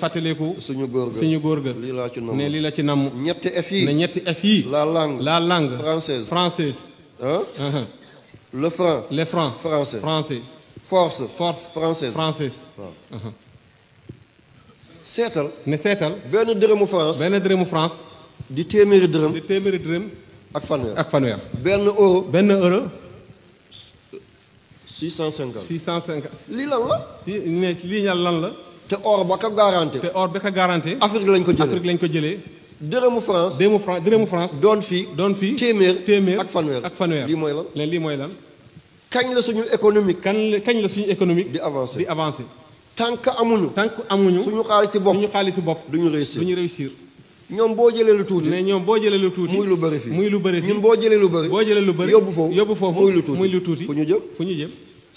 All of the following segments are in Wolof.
fateleku suñu gorga suñu góor ne lii la ci namm ñetti F yi ne ñett F la langue la langue française française hein? uh-huh. le franc Le franc français français force force française française uh-huh. setal ne seetal benn dërëmu France benn dërëmu France di téeméeri dërëm di téeméeri dërëm ak fanwer ak fanwer ben euro ben euro 650 650 lii lan la si ne lii ñal lan la te or ba ko garanté. te or ba ko garanté. Afrique lañ ko jëlee Afrique lañ ko jëlee. dërëmu France dërëmu France dërëmu France. don fi don fi téeméer téeméer ak fanwer ak fanweer lii mooy lan léegi lii mooy lan. kañ la suñu économique. kañ la kañ la suñu économique. di avancer di avancer tant que amuñu. tant que amuñu suñu xaalis si bopp suñu xaalis si bopp. duñu réussir duñu réussir. ñom bo jëlee lu tuuti né ñom bo jëlee lu tuuti muy lu bëri fi muy lu bëri fii ñun bo jëlee lu bëri. bo jëlee lu bëri yobbu fofu yóbbu foofu muy lu tuuti fu ñu jëm fu jëm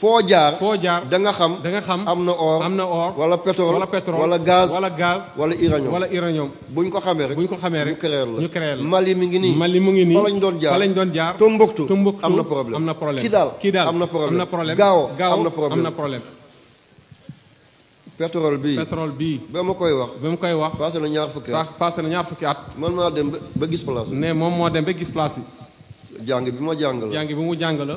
foo jaar foo jaar da nga xam da nga xam am na or am na or wala pétrole wala pétrole wala gaz wala gaz wala uranium wala uranium buñ ko xamee rek buñ ko xamee rek ñu créer la ñu créer la Mali mi ngi nii Mali mu ngi nii fa lañ doon jaar fa lañ doon jaar Tombouctou Tombouctou am na problème am na problème ki daal ki daal am na problème am na problème gaaw am na problème am na problème pétrole bi pétrole bi ba ma koy wax ba ma koy wax passé na ñaar fukki at passé na ñaar fukki at man maa dem ba gis place ne moom moo dem ba gis place bi jàng bi ma jàng la jàng bi mu jàng la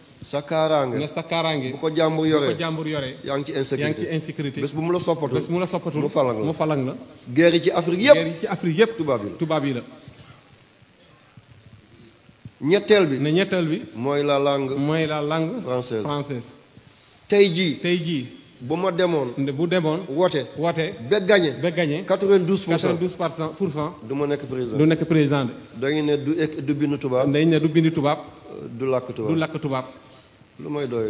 sa kaaraange ne sa kaaraange bu ko jambour yoré bu ko jambour yoré yaa ngi ci insécurité yaa ngi ci insécurité bés bu mu la soppatul bés bu mu la soppatul mu falang la mu falang la guerre ci Afrique yépp guerre ci Afrique yépp tubaab yi la tubaab la ñetteel bi ne ñettel bi moy la langue moy la langue française française tey jii tey jii bu ma demoon bu demoon woote woote ba gagné ba gagné 92 92 du ma nek président du nek président da dañu ne du du bindu tubaab dañu ne du bindu tubaab euh, du làkk tubaab du làkk tubaab número 2.